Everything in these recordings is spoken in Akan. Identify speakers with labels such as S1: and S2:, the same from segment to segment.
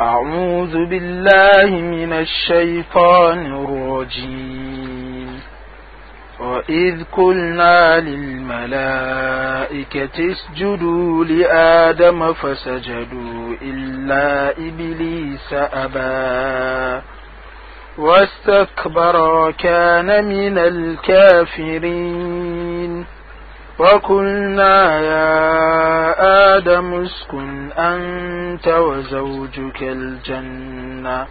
S1: أعوذ بالله من الشيطان الرجيم وإذ قلنا للملائكة اسجدوا لآدم فسجدوا إلا إبليس أبا واستكبر وكان من الكافرين وقلنا يا آدم اسكن أنت وزوجك الجنة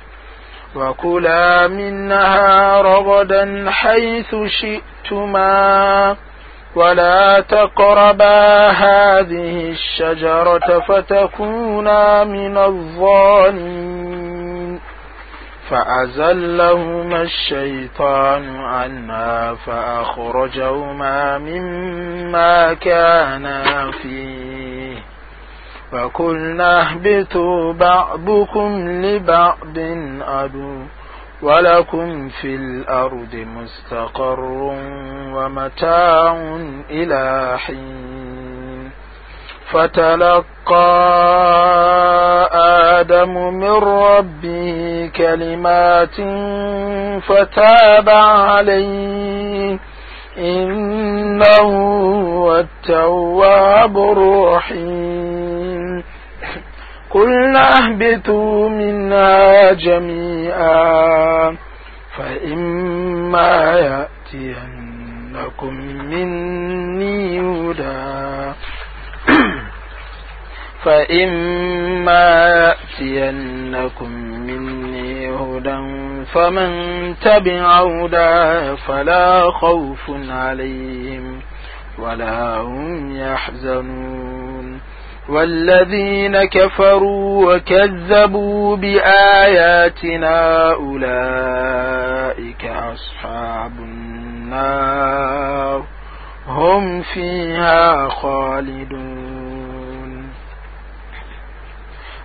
S1: وكلا منها رغدا حيث شئتما ولا تقربا هذه الشجرة فتكونا من الظالمين فأزلهما الشيطان عنا فأخرجهما مما كانا فيه فقلنا اهبطوا بعضكم لبعض عدو ولكم في الأرض مستقر ومتاع إلى حين فتلقى آدم من ربه كلمات فتاب عليه إنه هو التواب الرحيم قلنا اهبطوا منها جميعا فإما يأتينكم مني هدى فإما يأتينكم مني هدى فمن تبع هدى فلا خوف عليهم ولا هم يحزنون والذين كفروا وكذبوا بآياتنا أولئك أصحاب النار هم فيها خالدون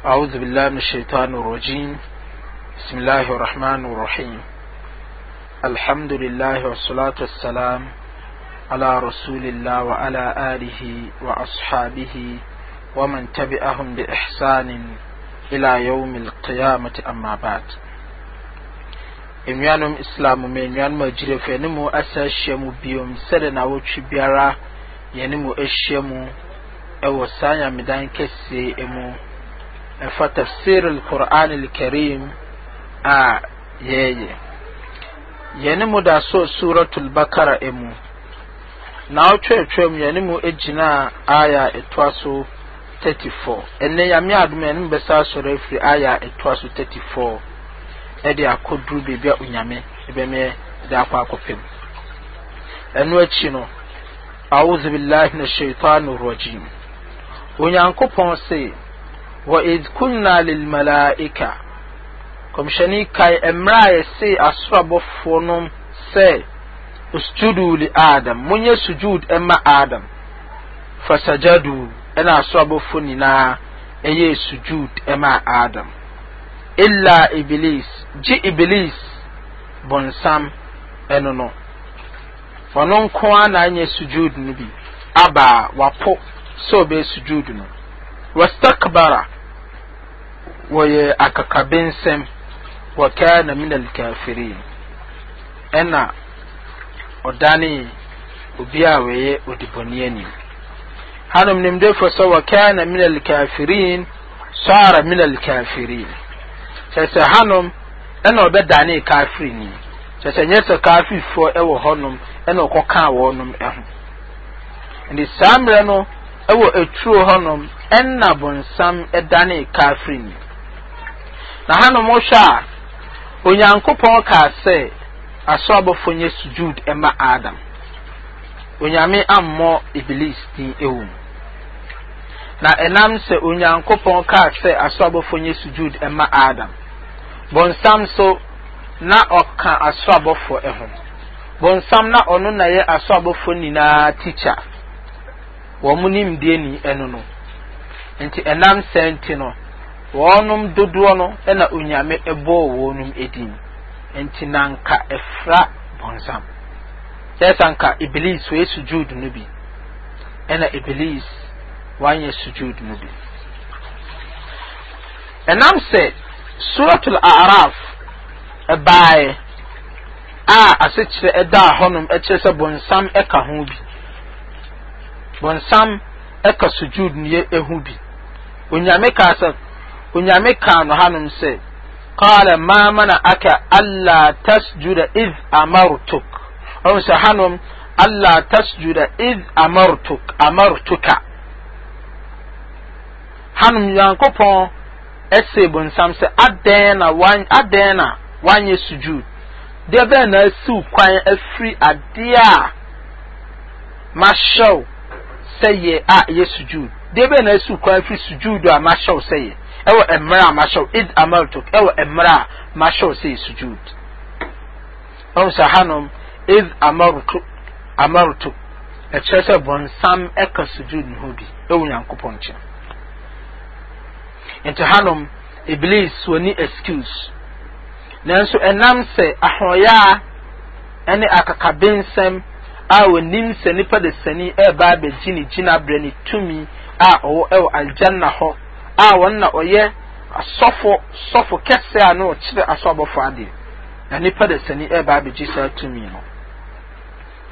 S1: أعوذ بالله من الشيطان الرجيم بسم الله الرحمن الرحيم الحمد لله والصلاة والسلام على رسول الله وعلى آله وأصحابه ومن تبعهم بإحسان إلى يوم القيامة أما بعد nnuanom islam من nnuanom agyirefo فنمو mu asa ahyia mu biom sɛde na wotwi biara yɛne mu ahyia mu ɛfa tafsir alquran alkarim a yɛyɛ yɛne mu da so suratul bakara mu na ɔtwerɛtwerɛ mu yɛne mu gyina aya ɛtoa so 34 ɛnɛ yame adom yɛne mu bɛsa asɔre afiri aya ɛtoa so 34 ɛde akɔduru biribi a onyame ɛbɛmɛ de akɔ akɔpem ɛno akyi no أعوذ بالله من الشيطان الرجيم ونيانكو بونسي wa idh kunna lil malaika kɔmhyɛni kae mmerɛ a yɛse asorabɔfoɔ no sɛ usjudu li adam monyɛ sujud ɛma adam fasajadu ɛna asorabɔfoɔ nyinaa ɛyɛ sujud ɛma adam illa iblis gye iblis bɔnsam ɛno no ɔno nko na anyɛ sujud no aba wapo sɛ ɔbɛyɛ sujud no wastakbara wɔyɛ akakabensɛm wakana min alkafirin ɛna ɔdane obi a wɔyɛ odibɔneani hanom nimdefo sɛ wakana min alkafirin sara min alkafirin kyerɛ sɛ hanom ɛna ɔbɛdane kafirini kyerɛ sɛ nyɛ sɛ kafirifoɔ ɛwɔ hɔnom ɛna ɔkɔkaa wɔnom ɛho nti saa mmerɛ no ɛwɔ eturo hɔnom ɛna bɔnsam ɛdane kafirini na ha nom hwɛ a onyankopɔn kaa sɛ aso nyɛ sujud ɛma adam onyame ammɔ iblis din ɛwɔ mu na ɛnam sɛ onyankopɔn kaa sɛ aso nyɛ sujud ɛma adam bɔnsam so na ɔka aso abɔfo ɛho bɔnsam na ɔno na yɛ aso nyinaa tikya wɔn nimdeɛ ni ɛno no nti ɛnam sɛ nti no wɔnom dodoɔ no ɛna onyame ɛbɔɔ wɔnom edin nti nanka ɛfra bɔnsam sɛ sanka iblis wɔyɛ sujud no bi ɛna iblis wanyɛ sujud no bi ɛnam sɛ suratul araf ɛbaeɛ a asekyerɛ ɛdaa hɔnom ɛkyerɛ sɛ bɔnsam ɛka ho bi bɔnsam ɛka sujud no yɛ ɛho bi onyame kaa sɛ onyame kaa no hanom sɛ qala ma aka alla tasjuda id amartuk ɔm sɛ hanom alla tasjuda id amartuk amartuka hanom nyankopɔn ɛsɛ bonsam sɛ adɛn na wan adɛn na wanyɛ sujud deɛ bɛn na asiw kwan afiri adeɛ a mahyɛw sɛ yɛ a yɛ sujud deɛ bɛn na asiw kwan afiri sujud a mahyɛw sɛ yɛ ɛwɔ mmerɛ a mahyɛw id amaltok ɛwɔ mmerɛ a mahyɛw sɛ sujud ɔmo sɛ hanom id amaltok amaltok ɛkyerɛ sɛ bɔnsam ɛka sujud ne ho bi ɛwɔ nyankopɔn nkyɛn nti hanom iblis wɔni excuse nanso ɛnam sɛ ahoyaa ɛne akakabensɛm a wɔnim sɛ nipa de sani ɛɛba e abɛgyi ne gyina berɛ ne tumi a ɔwɔ ɛwɔ aljanna hɔ a wɔn na ɔyɛ asɔfo sɔfo kɛse a no ɔkyerɛ asɔ abɔfo adeɛ na nipa da sani ɛɛba abegye saa tumi no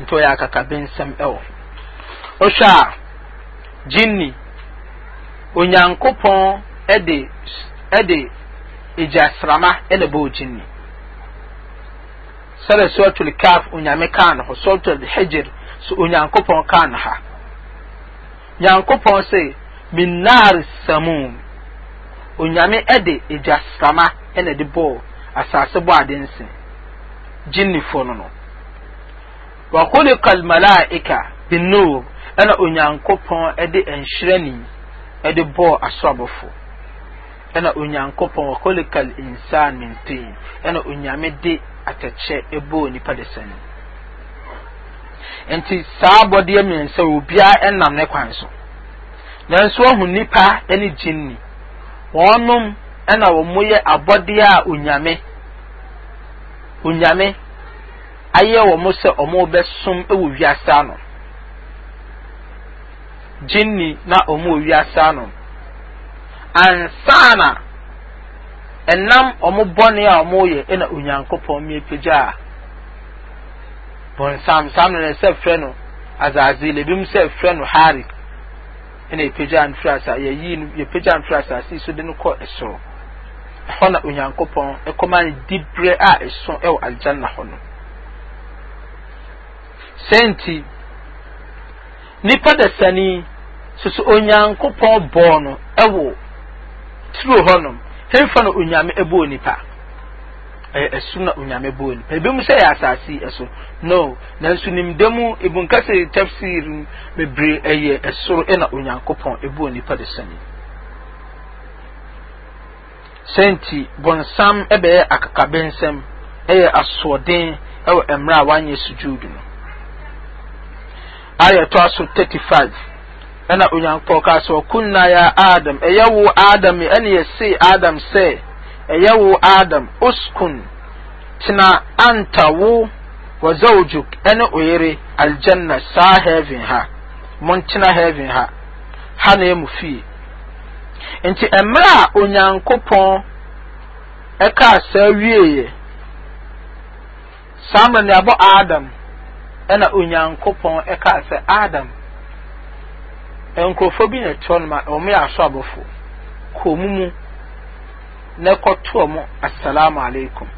S1: nti ɔyɛ nsɛm ɛwɔ ɔhwɛ a gyinni onyankopɔn ɛde ɛde egya srama ɛna bɔ gyinni sɛdeɛ sɔɔtul kaf onyame kaa no hɔ sɔɔtul hijir so onyankopɔn kaa no ha nyankopɔn sɛ min nar samum onyame ɛde egyasrama ɛna ɛde bɔɔ asase bɔ ade nsen gyinifo no no wakolika ika binnur ɛna onyankopɔn ɛde nhyiren ɛde bɔɔ asorabɔfo ɛna onyankopɔn wakolika kal min tin ɛna onyame de atɛkyɛ ɛbɔɔ nipa de sani nti saa abɔdeɛ mmiɛnsa obiara ɛnam ne kwan so nanso ɔhu nipa ne gyinni wɔnom ɛna wɔn yɛ abɔdeɛ a onyame onyame ayɛ wɔn sɛ wɔn bɛsom wɔ wiase ano gyinni na wɔn wɔ wiase ano ansana ɛnam wɔn bɔne a wɔn yɛ ɛna onyankopɔn mmea pagya a bɔnsam sam na sɛ frɛ no azazele ebinom sɛ frɛ no harik ɛna yɛpagya mfiri asa yɛyii no yɛpagya mfiri asase so de no kɔ ɛsoro ɛhɔ na onyankopɔn ɛkɔma no a ɛso ɛwɔ aljanna hɔ no sɛn nti nipa dasani soso onyankopɔn bɔɔ no ɛwɔ turo hɔnom hemfa na onyame ɛbɔɔ nipa ɛso na onyame bɔɔ nipa ebi mu sɛ yɛ asaase ɛso no nanso nimde mu ebu nkasa tafsir bebree ɛyɛ ɛsoro ɛna onyankopɔn ebɔɔ nipa de sani sɛnti bɔnsam ɛbɛyɛ akakabɛnsɛm ɛyɛ asoɔden ɛwɔ mmerɛ a wanyɛ sujuudu no ayɛ tɔ so 35 ɛna onyankopɔn kaa sɛ ɔkunna yɛ adam ɛyɛ wo adam ɛne yɛse adam sɛ ɛyɛ wo adam uskun tena anta wo wa zawjuk ɛne oyere aljanna saa heaven ha montena heaven ha ha na emu fie nti mmerɛ a onyankopɔn ɛka saa wieeɛ saa mmerɛ ne abɔ adam ɛna onyankopɔn ɛka sɛ adam nkurɔfoɔ bi na ɛtoɔ no ma wɔn yɛ asɔ mu mu na ɛkɔtoɔ mu assalamu alaikum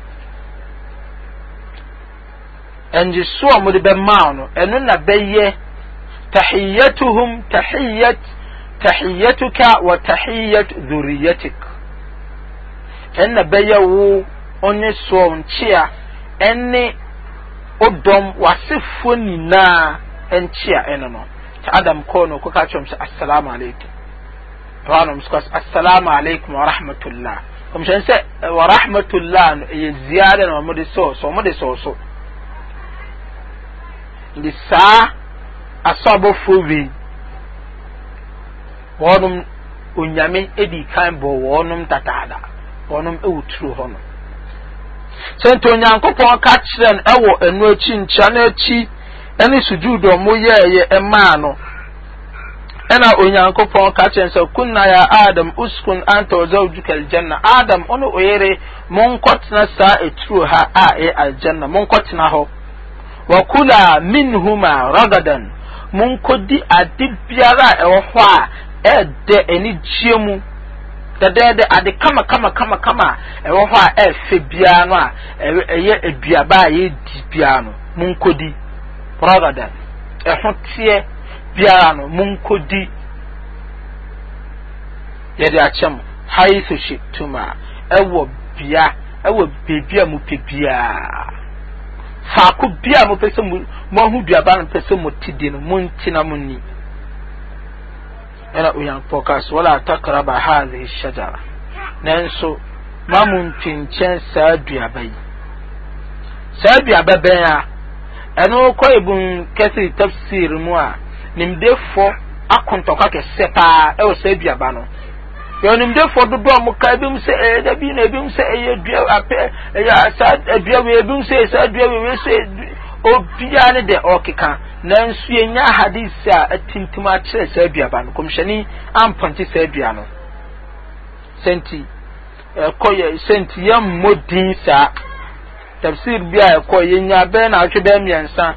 S1: ɛngye so a mode bɛmaa no ɛno na bɛyɛ tahiyyatuhum tahiyyat tahiyyatuka wa tahiyyat dhurriyatik ɛnna bɛyɛ wo ɔne soɔ nkyea ɛne odɔm wasefoɔ nyinaa nkyea ɛno no ta adam kɔɔ no kɔka kyerɛm sɛ assalamu alaikum ɛhɔ anom sɛ assalamu wa rahmatullah kɔmhyɛn sɛ wɔ no ɛyɛ ziara na wɔn sɔɔ so sɔɔ so de saa asɔbɔfoɔ bi wɔnom onyame edi kan bɔ wɔnom tataada wɔnom ɛwɔ e turo hɔ no sɛnti onyankopɔn ka kyerɛ e e no ɛwɔ ɛnu akyi nkyɛn akyi ɛne dɔm ɛna onyankopɔn ka kyerɛ sɛ kunna ya adam uskun anta wa zawjuka aljanna adam ɔne oyere monkɔtena saa eturo ha a ɛyɛ e aljanna monkɔtena hɔ wa kula minhuma ragadan monkɔdi ade biara a ɛwɔ hɔ a ɛɛdɛ anigyeɛ mu dɛdɛɛdɛ ade kama kama kama kama ɛwɔ e hɔ a ɛɛfɛ e biara no a ɛyɛ aduaba a yɛdi biara no monkɔdi ragadan ɛho teɛ biara no monkɔdi yɛde akyɛ mo haitho shittum a ɛwɔ bea ɛwɔ beebi a mopɛ biara faako bea a mopɛ sɛ moahu duaba no pɛ sɛ mote di no monte na monni ɛna onyankopɔn ka so wala takraba hadhihi shajara nanso ma mo ntwe nkyɛn saa duaba yi
S2: saa duaba bɛn a
S1: ɛno kɔ ibun kɛsiri tafsir mu a nimdefoɔ akontɔka kɛsɛ e paa ɛwɔ saa aduaba no yɛnimdefoɔ dodoɔ mo ka ebinom sɛ ɛyɛ eh, dabi na ebinom sɛ ɛyɛ dua apɛ ɛyɛ saa dua wei ebinom sɛ ɛyɛ eh, saa dua wei wei eh, obiara ne deɛ ɔkeka nanso yɛnya a akyerɛ saa aduaba no kɔmhyɛni ampɔnte saa adua no sɛnti ɛkɔ yɛ sɛnti yɛmmɔ din saa tafsir bi a ɛkɔ nya bɛɛ na atwe bɛɛ mmiɛnsa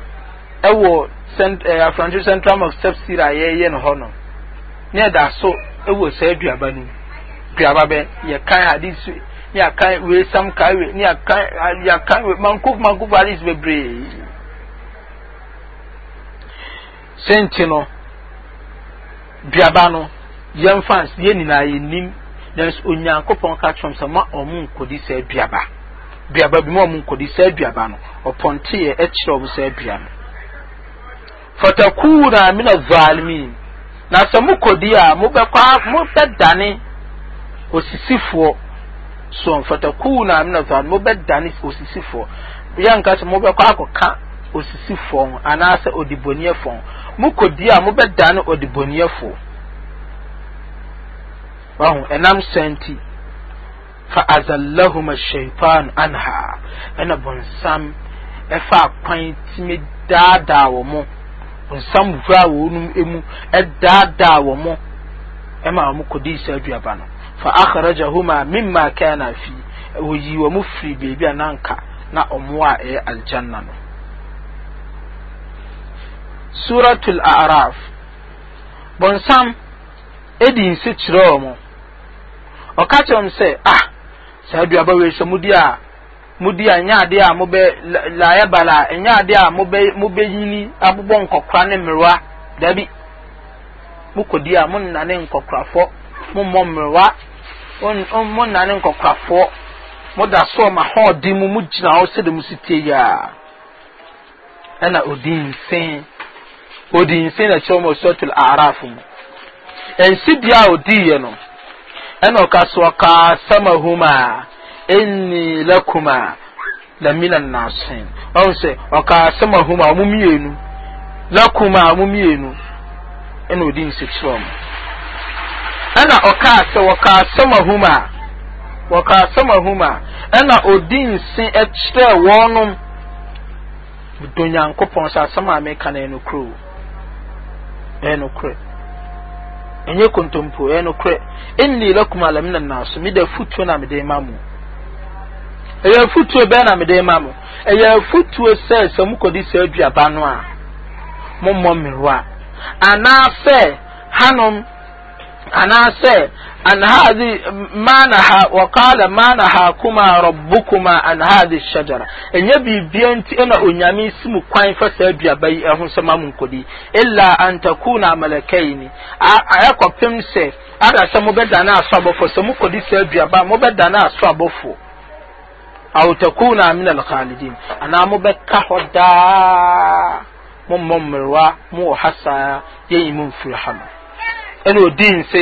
S1: ɛwɔ Eh, afrantwe central of tafsir a yɛyɛ no hɔ no ne ɛda so wɔ saa aduaba no mu aduaba bɛ yɛkan hadis ne yɛkan wei sam kae wei ne yɛkan yɛkan wei mankuf mankuf hadis bebree sɛnti no duaba no yɛmfa yɛn nyinaa yɛnim nanso onyankopɔn ka kyerɛm sɛ ma ɔmo nkɔdi saa aduaba duaba bi ma ɔmo nkɔdi saa aduaba no ɔpɔnteɛ ɛkyerɛ ɔmo saa aduaba fatakuna min azalimin na sɛ mokɔ di a mobɛkɔ mobɛdane osisifoɔ so fatakuna min azalimin mobɛdane osisifoɔ yɛnka sɛ mobɛkɔ akɔka osisifoɔ ho anaasɛ odiboniɛfoɔ ho mokɔ di a mobɛdane odiboniɛfoɔ wahu ɛnam sɛnti fa azallahuma shaitan anha ɛna bɔnsam ɛfa kwan timi daadaa wɔ mo nsam fura a wɔn mu ɛdaadaa wɔn mo ɛma wɔn kɔdi isa aduaba no fa akaraja homa mimma kɛn na fi wɔyi wɔn firi beebi a nanka na wɔn a ɛyɛ aljanna no suratul araf bɔnsam edi nsi kyerɛ wɔn ɔka kyerɛ wɔn sɛ ah saa aduaba wei sɛ mo di a. mudi a nya ade a mobɛ laayɛ bala nya ade a mobɛ yini abobɔ nkɔkora ne mmerewa dabi mokɔdi a mo nnane nkɔkorafo mo mmɔ mmerewa mo nnane nkɔkorafo mo da so ma ɔdi mu mo gyina hɔ sɛde mo si tie yaa ɛna odi nsen odi nsen na kyerɛ mo sɔtul araf mu nsidie a odi yɛ no ɛna ɔka so ɔka sama homa. inni lakuma lamina nasin ɔn sɛ ɔka asɛm ahom a ɔmo mmienu lakuma ɔmo mmienu ɛna odi nsikyerɛ ɔmo ɛna ɔka sɛ wɔka asɛm ahom a wɔka asɛm ahom ɛna odi nsi ɛkyerɛ wɔnom donyankopɔn sɛ asɛm a meka na ɛno kuro ɛno kuro ɛnyɛ kontompo ɛno kuro inni lakuma lamina nasin mi da futuo na mi de ma mu. ɛyɛ afutuo bɛn na mede ma mo ɛyɛ afutuo sɛ sɛ mokɔdi saa aduaba no a mommɔ mmerewa anaasɛ hanom anaasɛ an hadhi ma naha wa qala ma nahakuma rabbukuma an hadhi shajara ɛnyɛ biribia nti ɛna onyame si mu kwan fa saa aduaba yi ɛho sɛ ma mo nkɔdi illa an takuna malakaini ɛkɔpem sɛ ada sɛ mobɛdane aso abɔfoɔ sɛ mokɔdi saa aduaba mobɛdane aso abɔfoɔ aw takuna min alkhalidin anaa mobɛka hɔ daa mommɔ mmerewa mowɔ ha saa yɛyi mu mfiri ha no ɛne ɔdii nse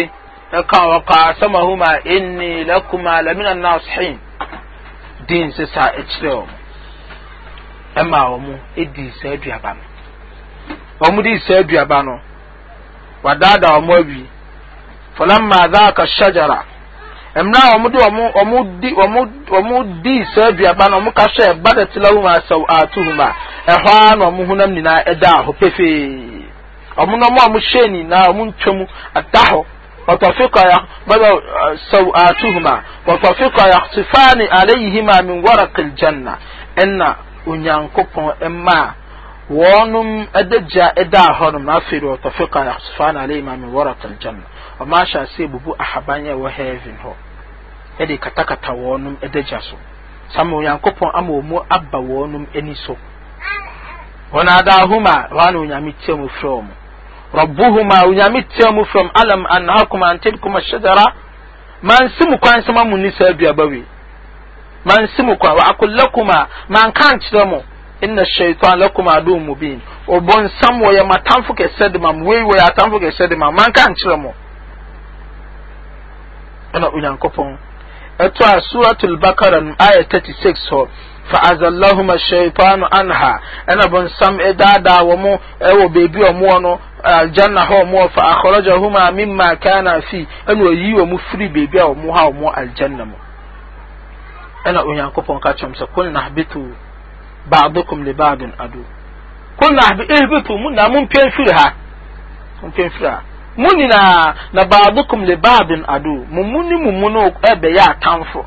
S1: ɛka wakasamahuma inni lakuma lamin annasihin dii nse saa ɛkyerɛ wɔ mo ɛma wɔ mo ɛdii saa aduaba no wɔ mo dii saa aduaba no wadaadaa wɔ mo awi falamma dhaka shajara mmerɛ a wɔde wɔn di saa aduaba na wɔn ka hyɛ bada tilawu ma asaw ato hum a ɛhɔ a na wɔn honam nyinaa ɛda hɔ pefee wɔn nam a wɔhyɛ nyinaa wɔn ntwam ada hɔ وطفق بدا سوآتهما وطفق يخصفان عليهما من ورق الجنة إن ونيانكوكو إما وانم أدجا إدا هرم نافر وطفق يخصفان عليهما من ورق الجنة ɔmo ahyɛ ase ebubu ahaban a ɛwɔ heaven hɔ ɛde katakata wɔnom ɛda gya so sama onyankopɔn ama wɔn aba wɔnom ani so wɔn adahoma wɔn onyame tia mu fira wɔn rɔbuhoma onyame tia mu fira wɔn alam anahakoma antebikoma hyɛdara mansi mu kwan sama mu nisa aduaba wi mansi mu kwan wakolakoma manka nkyerɛ mo inna shaitan lakum adu mubin obon sam wo ye matamfo kese de mam wei wo ye atamfo kese de mam manka nkyerɛ mo ɛna onyankopɔn ɛto a suratul bakara no ayɛ 36 hɔ fa'azallahuma shaitanu anha ɛna bɔnsam ɛdaadaa wɔ mo ɛwɔ beebi a wɔwɔ no aljanna hɔ wɔn fa akɔrɔgyahuma mimma kana fi ɛna oyi wɔn firi beebi a wɔn ha wɔn aljanna mu ɛna onyankopɔn ka kyerɛm sɛ kun nahbitu ba'dukum li ba'din adu kun nahbi ihbitu mu na mun pɛn firi ha mun firi ha mu nyinaa na baabukum le baabin ado mumu ne mumu no ɛbɛyɛ atamfo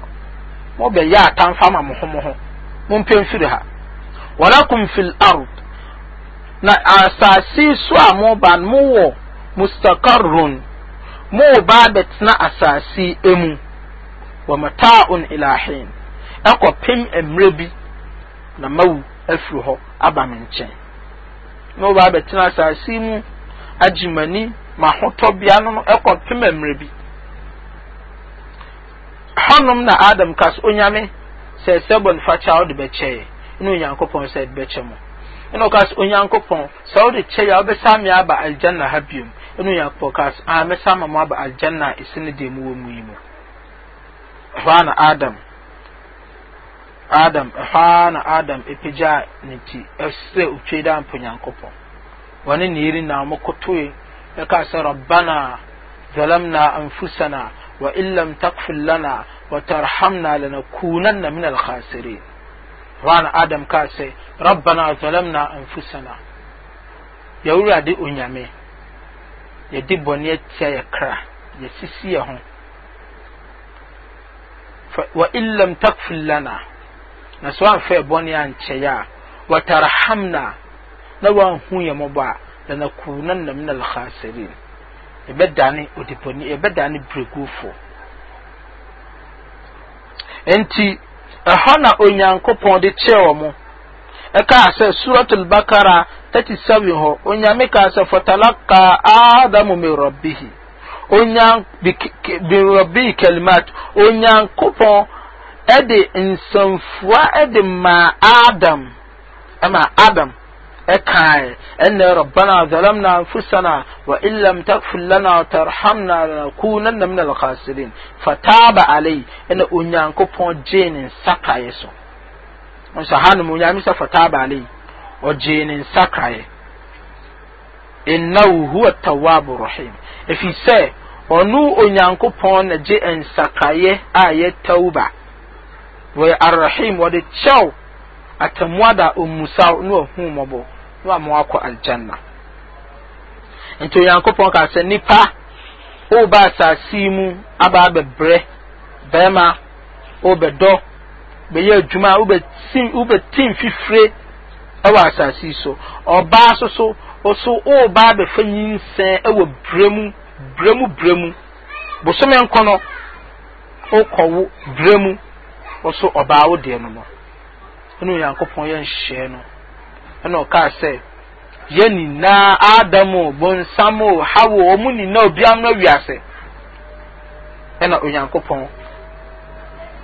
S1: mobɛyɛ atamfo ama mo ho mo ho mompɛ nfiri ha walakum fil ard na asase so a moba no mowɔ mustakarrun mowɔ baa bɛtena asase emu wa mata'un ilahin hin ɛkɔpem mmerɛ bi na mawu afiri hɔ aba me nkyɛn na ba bɛtena asase mu agyimani. ma ahotɔbea no no ɛkɔpem mmerɛ bi hɔnom na adam ka onyame sɛ sɛ bɔ nifakyɛ a wode bɛkyɛɛ ɛne onyankopɔn sɛ de bɛkyɛ mo ɛna ɔka so onyankopɔn sɛ wode kyɛɛ a wobɛsa me aba aljanna ha biom ɛne onyankopɔn ka a mɛsa ma mo aba ɛsi ne deɛ mu wɔ mu yi mu ɛhɔ na adam adam ɛhɔ na adam ɛpagyaa ne ti ɛsɛ wɔne ne na ɔmo kotoe يقاس ربنا ظلمنا أنفسنا وإن لم تغفر لنا وترحمنا لنكونن من الخاسرين وانا آدم كاسي ربنا ظلمنا أنفسنا يولا دي أنيامي يدي بنيت يكرا يسيسيهم وإن لم تغفر لنا نسوان في بنيان تيا وترحمنا نوان هون يمبعا lanakunanna min alkhasirin yɛbɛdane odiponi yɛbɛdane birigufo nti ɛhɔ na onyankopɔn de kyerɛ wɔ mo ɛkaa sɛ suratul bakara 37 hɔ onyame kaa sɛ fatalaka adamu min rabbihi onyan bin rabbi kalimat onyankopɔn ɛde nsɛmfua ɛde maa adam ɛma adam اكعي ان ربنا ظلمنا انفسنا وان لم تغفر لنا وترحمنا لنكونن من الخاسرين fataba علي ان onyankopɔn gyee ne nsa kaeɛ so nso hanom onyame sɛ fataba alei ɔgyee ne nsa kaeɛ innahu huwa tawabu rahim ɛfiri sɛ ɔno onyankopɔn na gye nsakaeɛ a yɛ tauba wɔyɛ arrahim wɔde kyɛw atammuada ɔmmusaw ne ɔhu mmɔbɔ na wama akɔ aljanna nti onyankopɔn ka sɛ nipa woba asase yi mu aba abɛbrɛ bɛrima wobɛdɔ bɛyɛ adwuma wobɛtim fifire ɛwɔ asase so ɔbaa so so ɔso woba abɛfa nyinsɛn ɛwɔ berɛ mu berɛ mu berɛ mu bosome nkɔ no wokɔwo berɛ mu ɔso ɔbaa wo deɛ no no ɛne onyankopɔn yɛ nhyɛ no ɛna ɔkaa sɛ yɛn nyinaa adam o bonsam o hawo ɔmo nyinaa obiara no awiase ɛna onyankopɔn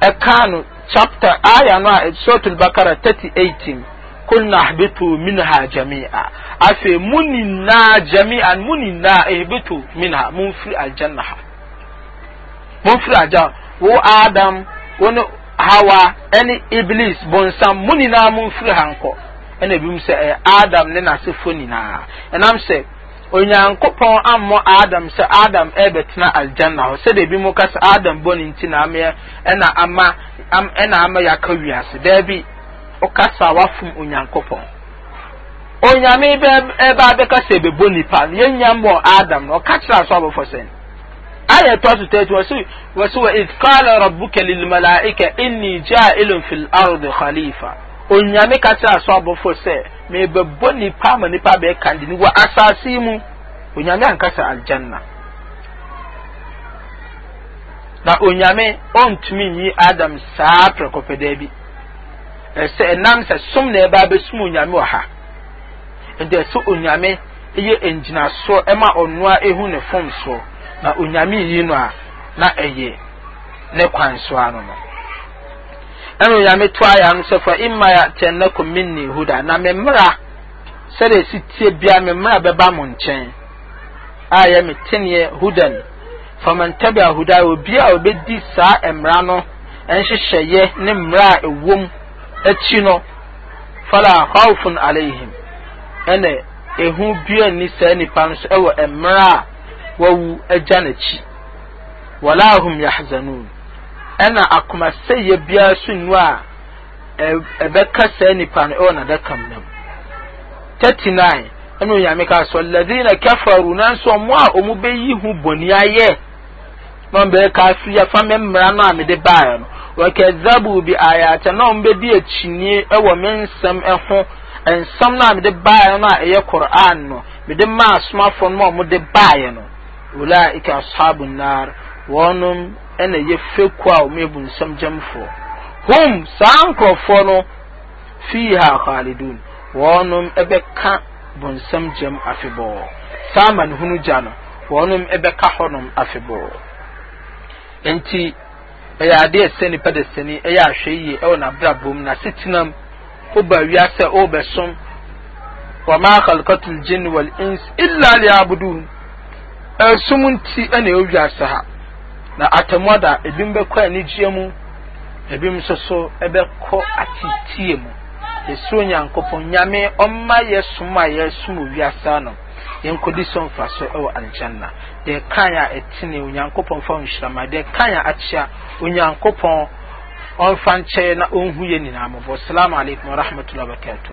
S1: ɛkaa no chapter aya no a suratul bakara thirty eighteen kulna ahbitu ha jami'a afei mu nyinaa jami'a mu nyinaa ehbitu minha mumfiri aljanna ha nfiri aljanna wo adam wo hawa ɛne iblis bonsam mu nyinaa nfiri ha nkɔ. ɛna ebinom sɛ ɛyɛ eh, adam ne n'asefo nyinaa ɛnam sɛ onyankopɔn ammɔ adam sɛ adam ɛbɛtena e aljanna hɔ sɛdeɛ ebi mu adam bɔ ne nti na ameɛ ɛna ama ɛna ama yɛaka wiase daabi ɔkasa wafom onyankopɔn onyame bɛ ɛba e abɛka sɛ ɛbɛbɔ nipa no adam no ɔka kyerɛ so abɔfo sɛn ayɛ tɔ so tɛɛtu wɔsi wɔsi wɔ onyame ka kyerɛ aso abɔfo sɛ mebɛbɔ nipa ama nipa bɛɛka de ni wɔ asase yi mu onyame ankasa aljanna na onyame ɔntumi nyi adam saa prɛkɔpɛ daa bi ɛsɛ ɛnam sɛ som na ɛba abɛsum onyame wɔ ha nti ɛsɛ onyame yɛ ngyinasoɔ ɛma ɔnoa ehu ne fom soɔ na onyame yi no a na ɛyɛ ne kwan soa no no. ɛna nyame to ayɛ ano sɛ fa ima ya kyɛn na kɔ minni huda na me mmra sɛdeɛ si tie bia me mmra bɛba mo nkyɛn a yɛ me teneɛ hudan faman tabi huda obi a obedi saa mmra no nhyehyɛeɛ ne mmra a ɛwom akyi no fala khawfun alaihim ɛna ehu bia ni saa nipa no ɛwɔ mmra a wawu agya n'akyi wala hum yahzanun ɛna akoma sɛyɛ biara so nnu a ɛbɛka saa nipa no ɛwɔ n'adaka mu nam thirty nine ɛna onyame ka so ladina kafaru nanso ɔmo a ɔmo bɛyi ho bɔnni ayɛ na ɔmo bɛyɛ ka afiri afa me mmara no a mede baeɛ no wɔkɛzabu bi ayata na ɔmo bɛdi akyinie ɛwɔ me nsɛm ɛho nsɛm no a mede baeɛ no a ɛyɛ koran no mede maa asomafoɔ no a ɔmo de baeɛ no wula ika ashabu nar wɔnom ɛna ɛyɛ feku a wɔn ebu nsɛm gyamfoɔ hom saa nkurɔfoɔ no fii ha khalidun wɔnom ɛbɛka bonsam gyam afebɔɔ saa ne hunu gya no wɔnom ɛbɛka hɔnom afebɔɔ nti ɛyɛ adeɛ sɛ nipa de sani ɛyɛ ahwɛ yie ɛwɔ n'abrabom na setenam ɔba wia sɛ ɔbɛsom wama khalqatul jinn wal ins illa liyabudun ɛsum nti ɛna ɛwɔ wiase ha na atemmuada ebi bɛkɔ anigyeɛ mu ebi nso so ɛbɛkɔ atitie mu esu onyankopɔn nyame ɔmma yɛ som a yɛsom wɔ wiase no yɛnkɔdi so mfa so ɛwɔ aljanna deɛ kan a ɛtene onyankopɔn fa nhyirama deɛ kan a akyea onyankopɔn ɔnfa nkyɛn na ɔnhu yɛ nyinaa mɔbɔ salamu alaikum wa rahmatullahi wa barakatuh